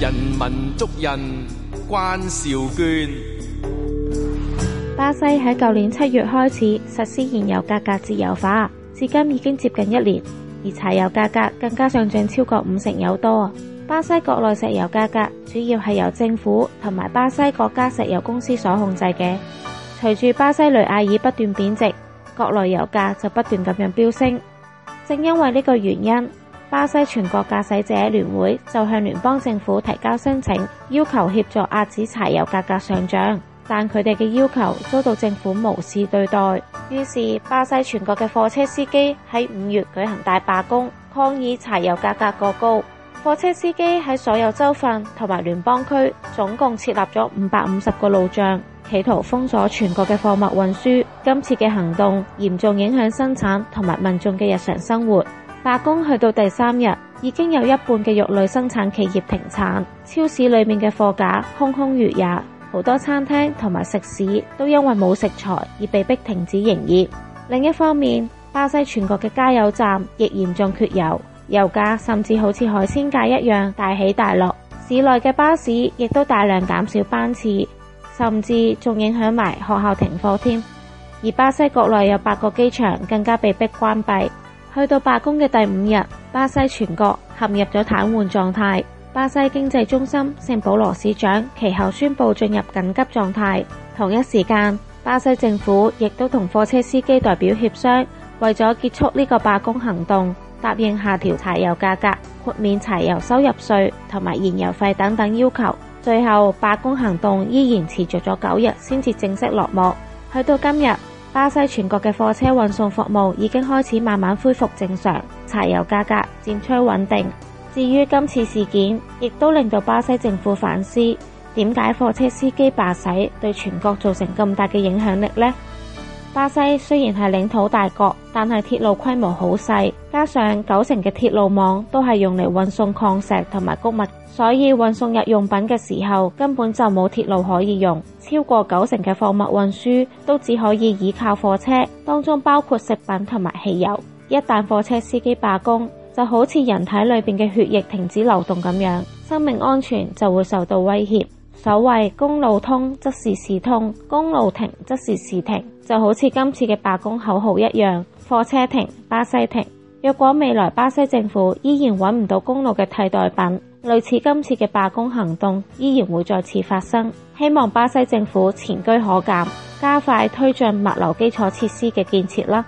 人文足印，關少娟。巴西喺舊年七月開始實施燃油價格自由化，至今已經接近一年，而柴油價格更加上漲超過五成有多。巴西國內石油價格主要係由政府同埋巴西國家石油公司所控制嘅。隨住巴西雷亞爾不斷貶值，國內油價就不斷咁樣飆升。正因為呢個原因，巴西全國駕駛者聯會就向聯邦政府提交申請，要求協助壓止柴油價格上漲，但佢哋嘅要求遭到政府無視對待。於是，巴西全國嘅貨車司機喺五月舉行大罷工，抗議柴油價格過高。貨車司機喺所有州份同埋聯邦區總共設立咗五百五十個路障，企圖封鎖全國嘅貨物運輸。今次嘅行動嚴重影響生產同埋民眾嘅日常生活。罷工去到第三日，已經有一半嘅肉類生產企業停產，超市裏面嘅貨架空空如也，好多餐廳同埋食肆都因為冇食材而被迫停止營業。另一方面，巴西全國嘅加油站亦嚴重缺油，油價甚至好似海鮮價一樣大起大落。市內嘅巴士亦都大量減少班次，甚至仲影響埋學校停課添。而巴西國內有八個機場更加被迫關閉。去到罷工嘅第五日，巴西全國陷入咗癱瘓狀態。巴西經濟中心聖保羅市長其後宣布進入緊急狀態。同一時間，巴西政府亦都同貨車司機代表協商，為咗結束呢個罷工行動，答應下調柴油價格、豁免柴油收入稅同埋燃油費等等要求。最後，罷工行動依然持續咗九日，先至正式落幕。去到今日，巴西全國嘅貨車運送服務已經開始慢慢恢復正常，柴油價格漸趨穩定。至於今次事件，亦都令到巴西政府反思，點解貨車司機罷駛對全國造成咁大嘅影響力呢？巴西雖然係領土大國，但係鐵路規模好細，加上九成嘅鐵路網都係用嚟運送礦石同埋穀物，所以運送日用品嘅時候根本就冇鐵路可以用。超過九成嘅貨物運輸都只可以依靠貨車，當中包括食品同埋汽油。一旦貨車司機罷工，就好似人體裏邊嘅血液停止流動咁樣，生命安全就會受到威脅。所謂公路通則是市通，公路停則是市停，就好似今次嘅罷工口號一樣。貨車停，巴西停。若果未來巴西政府依然揾唔到公路嘅替代品，類似今次嘅罷工行動依然會再次發生。希望巴西政府前車可鑑，加快推進物流基礎設施嘅建設啦。